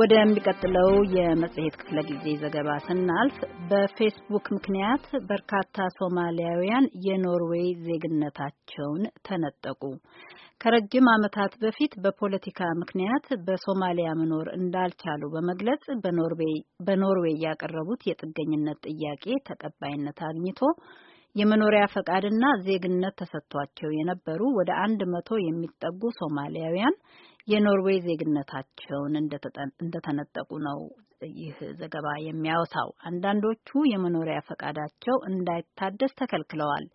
ወደሚቀጥለው የመጽሔት ክፍለ ጊዜ ዘገባ ስናልፍ በፌስቡክ ምክንያት በርካታ ሶማሊያውያን የኖርዌይ ዜግነታቸውን ተነጠቁ። ከረጅም ዓመታት በፊት በፖለቲካ ምክንያት በሶማሊያ መኖር እንዳልቻሉ በመግለጽ በኖርዌይ ያቀረቡት የጥገኝነት ጥያቄ ተቀባይነት አግኝቶ የመኖሪያ ፈቃድና ዜግነት ተሰጥቷቸው የነበሩ ወደ አንድ መቶ የሚጠጉ ሶማሊያውያን የኖርዌይ ዜግነታቸውን እንደተነጠቁ ነው ይህ ዘገባ የሚያወሳው። አንዳንዶቹ የመኖሪያ ፈቃዳቸው እንዳይታደስ ተከልክለዋል።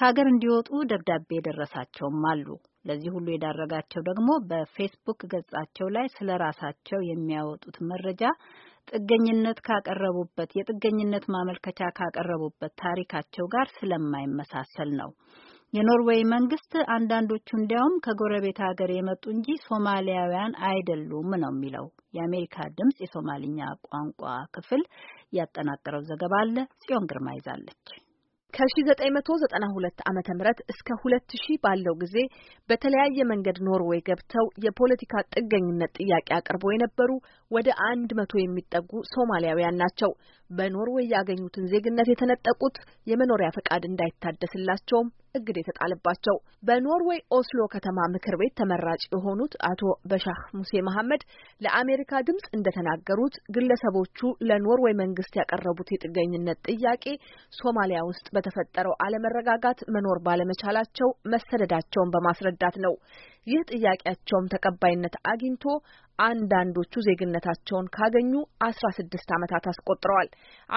ከሀገር እንዲወጡ ደብዳቤ የደረሳቸውም አሉ። ለዚህ ሁሉ የዳረጋቸው ደግሞ በፌስቡክ ገጻቸው ላይ ስለ ራሳቸው የሚያወጡት መረጃ ጥገኝነት ካቀረቡበት የጥገኝነት ማመልከቻ ካቀረቡበት ታሪካቸው ጋር ስለማይመሳሰል ነው። የኖርዌይ መንግስት አንዳንዶቹ እንዲያውም ከጎረቤት ሀገር የመጡ እንጂ ሶማሊያውያን አይደሉም ነው የሚለው። የአሜሪካ ድምጽ የሶማልኛ ቋንቋ ክፍል ያጠናቀረው ዘገባ አለ። ጽዮን ግርማ ይዛለች። ከ1992 ዓ.ም ምህረት እስከ 2000 ባለው ጊዜ በተለያየ መንገድ ኖርዌይ ገብተው የፖለቲካ ጥገኝነት ጥያቄ አቅርበው የነበሩ ወደ አንድ መቶ የሚጠጉ ሶማሊያውያን ናቸው። በኖርዌይ ያገኙትን ዜግነት የተነጠቁት፣ የመኖሪያ ፈቃድ እንዳይታደስላቸውም እግድ የተጣለባቸው። በኖርዌይ ኦስሎ ከተማ ምክር ቤት ተመራጭ የሆኑት አቶ በሻህ ሙሴ መሐመድ ለአሜሪካ ድምፅ እንደተናገሩት ግለሰቦቹ ለኖርዌይ መንግስት ያቀረቡት የጥገኝነት ጥያቄ ሶማሊያ ውስጥ የተፈጠረው አለመረጋጋት መኖር ባለመቻላቸው መሰደዳቸውን በማስረዳት ነው። ይህ ጥያቄያቸውም ተቀባይነት አግኝቶ አንዳንዶቹ ዜግነታቸውን ካገኙ አስራ ስድስት ዓመታት አስቆጥረዋል።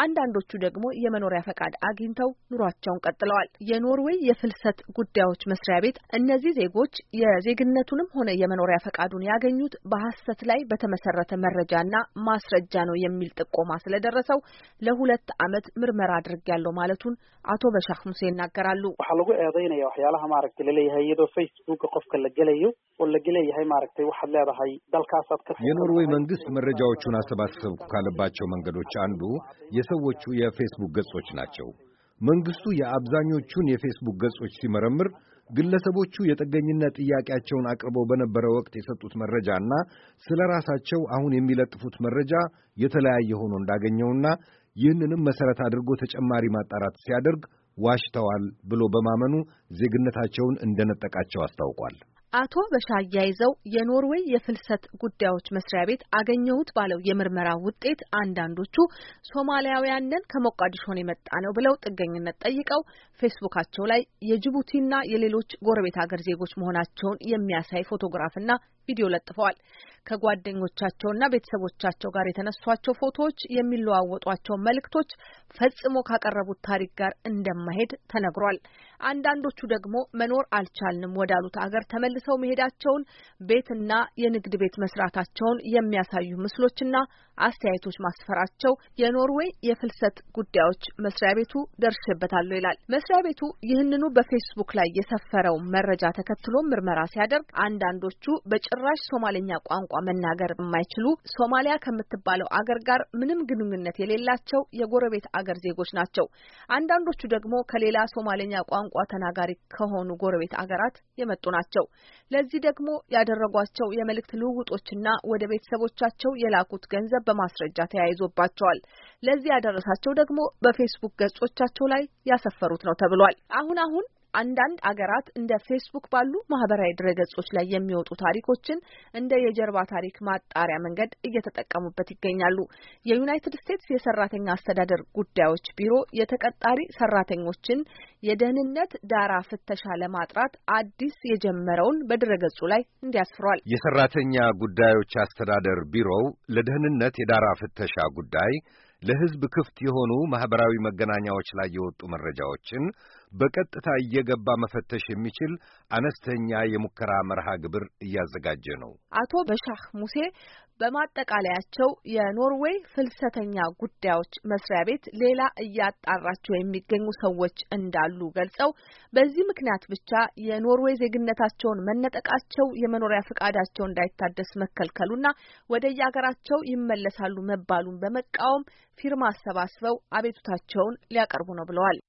አንዳንዶቹ ደግሞ የመኖሪያ ፈቃድ አግኝተው ኑሯቸውን ቀጥለዋል። የኖርዌይ የፍልሰት ጉዳዮች መስሪያ ቤት እነዚህ ዜጎች የዜግነቱንም ሆነ የመኖሪያ ፈቃዱን ያገኙት በሐሰት ላይ በተመሰረተ መረጃና ማስረጃ ነው የሚል ጥቆማ ስለደረሰው ለሁለት ዓመት ምርመራ ያለው ማለቱን አቶ በሻክ ሙሴ ይናገራሉ። leeyo የኖርዌይ መንግስት መረጃዎቹን አሰባሰብኩ ካለባቸው መንገዶች አንዱ የሰዎቹ የፌስቡክ ገጾች ናቸው። መንግስቱ የአብዛኞቹን የፌስቡክ ገጾች ሲመረምር ግለሰቦቹ የጥገኝነት ጥያቄያቸውን አቅርበው በነበረ ወቅት የሰጡት መረጃና ስለ ራሳቸው አሁን የሚለጥፉት መረጃ የተለያየ ሆኖ እንዳገኘውና ይህንንም መሰረት አድርጎ ተጨማሪ ማጣራት ሲያደርግ ዋሽተዋል ብሎ በማመኑ ዜግነታቸውን እንደነጠቃቸው አስታውቋል። አቶ በሻያ ይዘው የኖርዌይ የፍልሰት ጉዳዮች መስሪያ ቤት አገኘሁት ባለው የምርመራ ውጤት አንዳንዶቹ ሶማሊያውያን ነን ከሞቃዲሾን የመጣ ነው ብለው ጥገኝነት ጠይቀው ፌስቡካቸው ላይ የጅቡቲና የሌሎች ጎረቤት ሀገር ዜጎች መሆናቸውን የሚያሳይ ፎቶግራፍና ቪዲዮ ለጥፈዋል። ከጓደኞቻቸውና ቤተሰቦቻቸው ጋር የተነሷቸው ፎቶዎች፣ የሚለዋወጧቸው መልእክቶች ፈጽሞ ካቀረቡት ታሪክ ጋር እንደማይሄድ ተነግሯል። አንዳንዶቹ ደግሞ መኖር አልቻልንም ወዳሉት አገር ተመልሰው መሄዳቸውን ቤትና የንግድ ቤት መስራታቸውን የሚያሳዩ ምስሎችና አስተያየቶች ማስፈራቸው የኖርዌይ የፍልሰት ጉዳዮች መስሪያ ቤቱ ደርሼበታለሁ ይላል። መስሪያ ቤቱ ይህንኑ በፌስቡክ ላይ የሰፈረው መረጃ ተከትሎ ምርመራ ሲያደርግ አንዳንዶቹ በጭራሽ ሶማሌኛ ቋንቋ መናገር የማይችሉ ሶማሊያ ከምትባለው አገር ጋር ምንም ግንኙነት የሌላቸው የጎረቤት አገር ዜጎች ናቸው። አንዳንዶቹ ደግሞ ከሌላ ሶማሌኛ ቋንቋ ቋንቋ ተናጋሪ ከሆኑ ጎረቤት አገራት የመጡ ናቸው። ለዚህ ደግሞ ያደረጓቸው የመልእክት ልውውጦችና ወደ ቤተሰቦቻቸው የላኩት ገንዘብ በማስረጃ ተያይዞባቸዋል። ለዚህ ያደረሳቸው ደግሞ በፌስቡክ ገጾቻቸው ላይ ያሰፈሩት ነው ተብሏል። አሁን አሁን አንዳንድ አገራት እንደ ፌስቡክ ባሉ ማህበራዊ ድረገጾች ላይ የሚወጡ ታሪኮችን እንደ የጀርባ ታሪክ ማጣሪያ መንገድ እየተጠቀሙበት ይገኛሉ። የዩናይትድ ስቴትስ የሰራተኛ አስተዳደር ጉዳዮች ቢሮ የተቀጣሪ ሰራተኞችን የደህንነት ዳራ ፍተሻ ለማጥራት አዲስ የጀመረውን በድረገጹ ላይ እንዲያስፍሯል። የሰራተኛ ጉዳዮች አስተዳደር ቢሮው ለደህንነት የዳራ ፍተሻ ጉዳይ ለሕዝብ ክፍት የሆኑ ማኅበራዊ መገናኛዎች ላይ የወጡ መረጃዎችን በቀጥታ እየገባ መፈተሽ የሚችል አነስተኛ የሙከራ መርሃ ግብር እያዘጋጀ ነው። አቶ በሻህ ሙሴ በማጠቃለያቸው የኖርዌይ ፍልሰተኛ ጉዳዮች መስሪያ ቤት ሌላ እያጣራቸው የሚገኙ ሰዎች እንዳሉ ገልጸው በዚህ ምክንያት ብቻ የኖርዌይ ዜግነታቸውን መነጠቃቸው፣ የመኖሪያ ፈቃዳቸው እንዳይታደስ መከልከሉና ወደ የሀገራቸው ይመለሳሉ መባሉን በመቃወም ፊርማ አሰባስበው አቤቱታቸውን ሊያቀርቡ ነው ብለዋል።